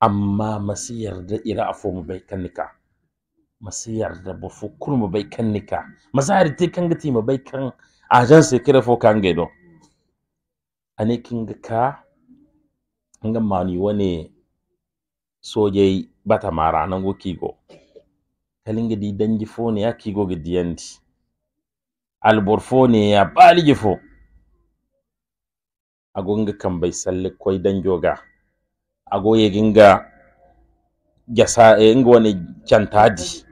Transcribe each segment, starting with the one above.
amma masu yarda ira a fomu bai nika masu yarda ba fo kul mu bai kannika masari te kan gati ma bai kan agence kira fo kan do ane kinga ka nga mani wane sojai bata mara nan go kigo kalinga di danji fo ne ya kigo gidiyandi albor fo ne ya baliji fo agonga kan bai salli koi danjoga agoye ginga gasa inga wani cantadi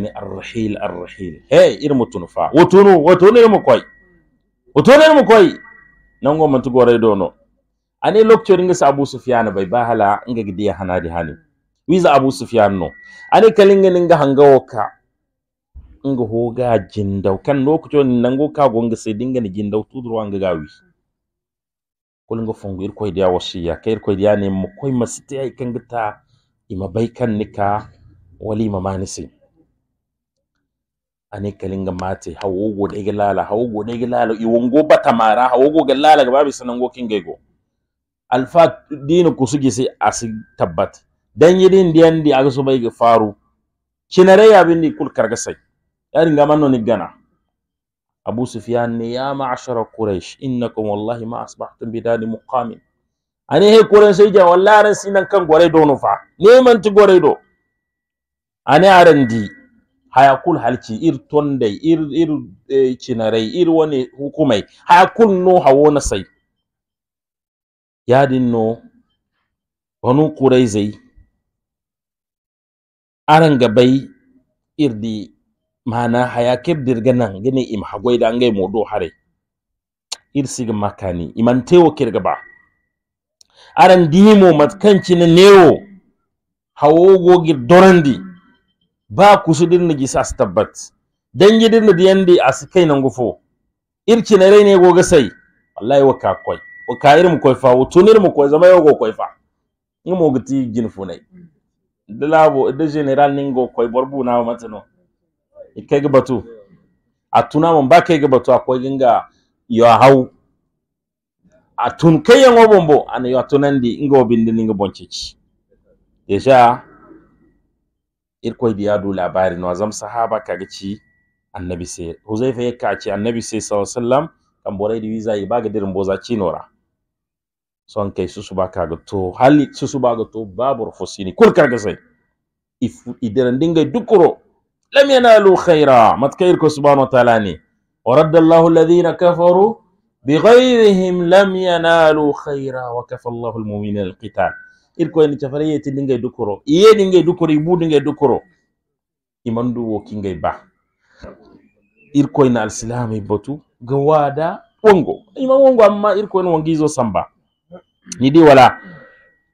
ne arrahil arrahil he irmo mutunu fa wotunu wotunu irmo koy wotunu irmo koy nango man gore redo no ani lecture nga abu sufyan bai bahala nga gidiya hanadi hali wiza abu sufyan no ani kalinga ninga hanga woka inga hoga jindaw kan lokaci nango ka gonga sai dinga ni jindaw tudurwa nga gawi kulinga fungu irko idia wasiya ka irko idia ne mu koy masitea ikanga ta ima baikan nika wali ima manisi ane kalinga mate hawogo dege lala hawogo dege lala iwongo batamara hawogo galala gababi sanango kingego alfa dino kusugi sai asi tabbat di aga so bai faru ya bindi kul kargasai yarin ga ni gana abu sufyan ne ya ma'ashara inna innakum wallahi ma asbahtum bidali muqamin ani he kuren sai ja wallahi ran sinan kan gore do no fa neman ti gore do ani arandi hayakul halci ir tondai ir ir cinare eh, cinarai ir wani hukumai hayakul no hawo na sai yadin no wani kurai zai aran gabai irdi mana haya kebdirga nan gene im hagoyda angay modo hare ir siga makani imantewo kirga ba aran dimo matkancina newo hawogogir dorandi ba kusudirna gisa as tabbat dangidirna diyandi asikai nangu fo na rene goga sai wallahi waka koy waka irin koi fa wutunir mu koi zama yogo koi fa ngmo gati jinfunai mm. dilabo de general ningo koi borbu na matano kai ga batu a tuna mun ba kai ga batu akwai ginga yo hau a tun kai yan obombo an yo tunan di inga obindi ninga bonceci sha irkoy diya du labari no azam sahaba kaga ci annabi sai huzaifa yakka ci annabi sai sallallahu alaihi wasallam kan borai di visa ga dirin boza ci nora son kai susu ba kaga to hali susu ba ga to babu rufusini kul kaga sai if idan dinga dukuro lam yanalu khaira matkair ko subhanahu wa ta'ala ne wa raddallahu alladhina kafaru bighayrihim lam yanalu khaira wa kafa Allahu almu'minina alqital irko en cafare yeti ndingay dukoro iye ndingay dukoro ibu ndingay dukoro imandu wo kingay ba irko en alislam ibotu gawada wongo ima wongo amma irko en wongizo samba nidi wala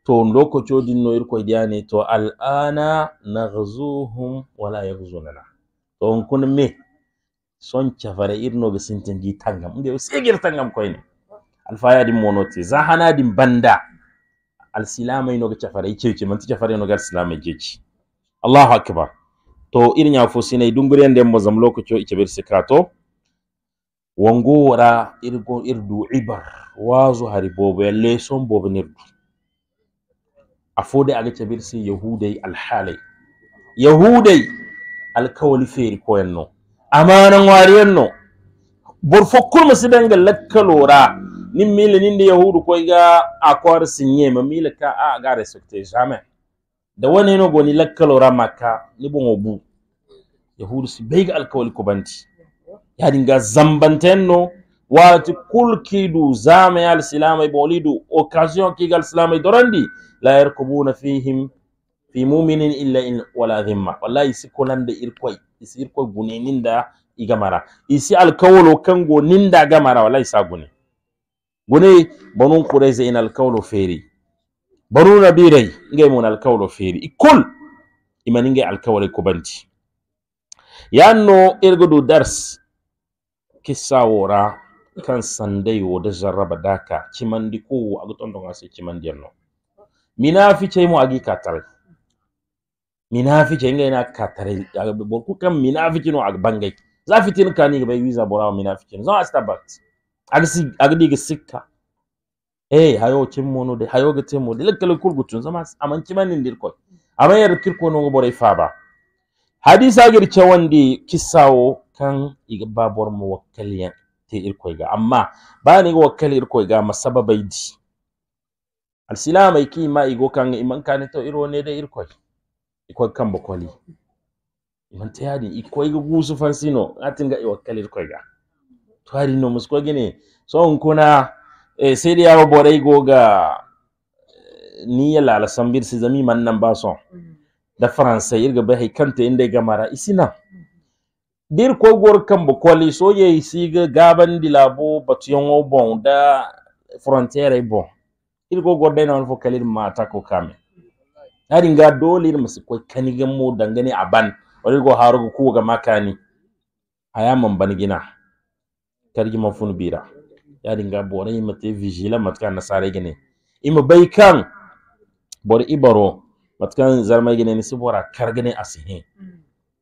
to irko noyir ne to al'ana naghzuhum wala yaghzunana to on kun me son cafara irno ɓe sintendi tangam nde o segir tangam koyne alfayadin monote din banda alsilamaynoga cafara man cewci manti ga alsilama jeeci allahu akbar to ya fo sinai dumburen nden mo zam lokacio e caɓir sikato to wongo irgo irdu ibar wazu hari ya leson bobo nirdu afode aga cabir se yahudai alhaalay yahuday alkawali feeri koyenno amana ŋwariyenno bor fo kulma sibenga lakkalora nin mila ninde yahudu ga a sinye ma mila ka a ga respecte jamais da wani no goni lakkalora maka ni bon obu yahudu si beiga alkawali ko banti yadinga zambantenno wati kulkidu zamayal silamay bolidu occasion kigal silamay dorandi la yarkubuna fihim fi muminin illa in wala dhimma wallahi siko lande irkoy isi irkoy gune ninda igamara isi alkawolo kango ninda gamara wallahi sa gune gune banun qurayza in alkawlo feri baruna birai ngay mun alkawlo feri ikul iman ngay alkawlo kubanti yanno irgudu dars kissa wora kan sandai woda jarraba daka cimandi ko aga tondo ngase cimandi no minafi cey mo agi katare minafi cey ina katare aga borku kam minafi cino aga bangay tin kani ga bai visa borawa minafi cino zan astabat aga si aga diga sikka eh hayo no de hayo ga temmo de lekkal kurgutun zama aman cimanin dir koy aman yar kirko no boray faba hadisa gir cewandi kisawo kan iga bor mo wakkaliyan te ga amma bani ga masababai di masababaydi alsilamay ki ma igo kan iman kani to irone da irkoi ikoy kan koli iman ta yadi ikoyga gusu fansino atinga ga wakkali irkoyga to hari no musko gine so on kuna eh, sai da yawo borai goga eh, ya lalasan sambir si zami man nan ba so mm. da faransa irga bai kanta inda gamara isina dir kogor kambo koli so ye siga gaban dilabo batuyongo bon da frontiere bon ir kogor dai non fo kalir mata ko kame ari nga dole ir ko kai kanigan mu dangane aban wani go haru ko ga makani aya man ban gina tarji ma fun bira yari nga bore mate vigila na sare gine ima bai kan bor ibaro matkan zarmai gine ni sibora kargane asihin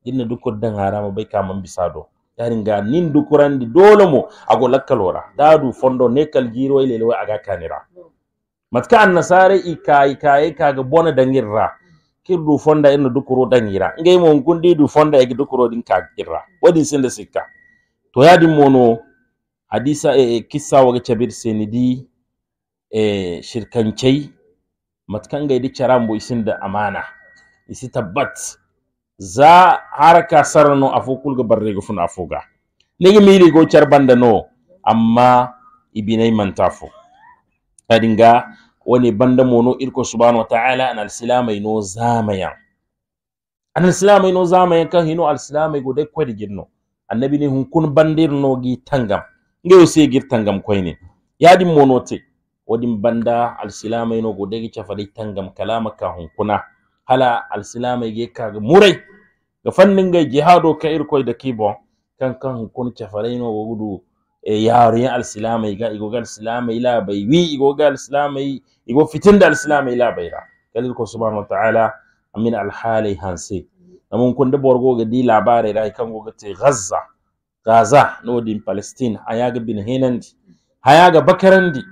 inna dukur dan harama bay kaman bisado yarin ga nin di dole mo ago lakkalora dadu fondo ne kalgiro ile le aga kanira matka an nasare ikai kai kaga bona dangirra kirdu fonda inna dukuro dangira ngai mo ngundi du fonda e dukuro din kagirra wadi sinda sikka to yadi mono hadisa e kissa waga chabir senidi e eh, shirkancai matkan gaidi charambo isinda amana isi tabbat za har ka sarano afo kulga ga funa afoga nigi miri go banda no amma ibinai mantafo adinga wani banda mono irko subhanahu wa ta'ala an alsilama no zamaya an alsilama no zamaya kan hino alsilama go de de ginno annabi ne hun kun bandir no gi tangam o se gir tangam ne. yadi mono te wadin banda alsilama no go de gi chafali tangam kalama ka hun kuna hala alsilamege ka murai ga ga jihado ka irko da kibo kan kan kun cafarayno go gudu e eh, yaroyin alsilamai ga igoga alsilamai ila bai wi igoga alsilamai igo fitin da alsilamai ila bai ra kalil ko subhanahu wa ta'ala amin alhali hanse namun kun da borgo ga di labare da kan go te gaza gaza no din palestine ayaga bin hinandi hayaga bakarandi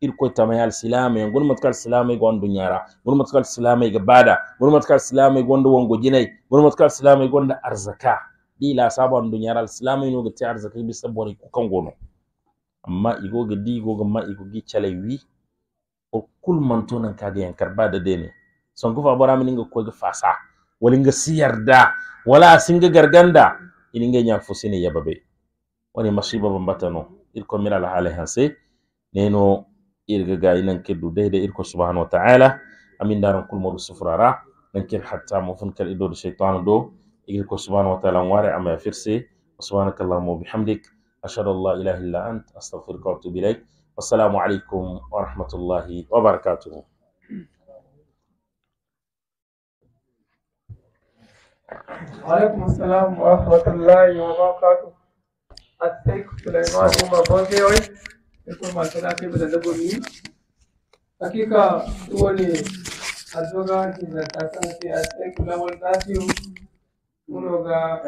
irko tamayal silame gon matkal silame gon dunyara gon matkal silame ga bada gon matkal silame gon do wongo jinai gon matkal silame gon da arzaka dila la saban dunyara silame no ga ti arzaka bi sabore ku kan gono amma igo ga di go ga ma igo gi chalewi o kul man to nan kaga yan karba da dene son gufa bara min ga ko ga fasa wali ga siyarda wala singa garganda ininga nyafu fusini yababe wani masiba bambata no irko mira la hale hanse neno إرجع إلى كل ده ده إلكو سبحانه وتعالى أمين دارن كل مرة صفر راح لكن حتى مفن كل إدور الشيطان دو إلكو سبحانه وتعالى وارع أما فرسي سبحانك اللهم وبحمدك أشهد الله إله إلا أنت أستغفرك وأتوب إليك والسلام عليكم ورحمة الله وبركاته وعليكم السلام ورحمة الله وبركاته أتيك سليمان عمر بوزيري informação da quebra da bolinha. Aqui cá, tu olhe advogado, na taça, se até que lá voltasse, um lugar.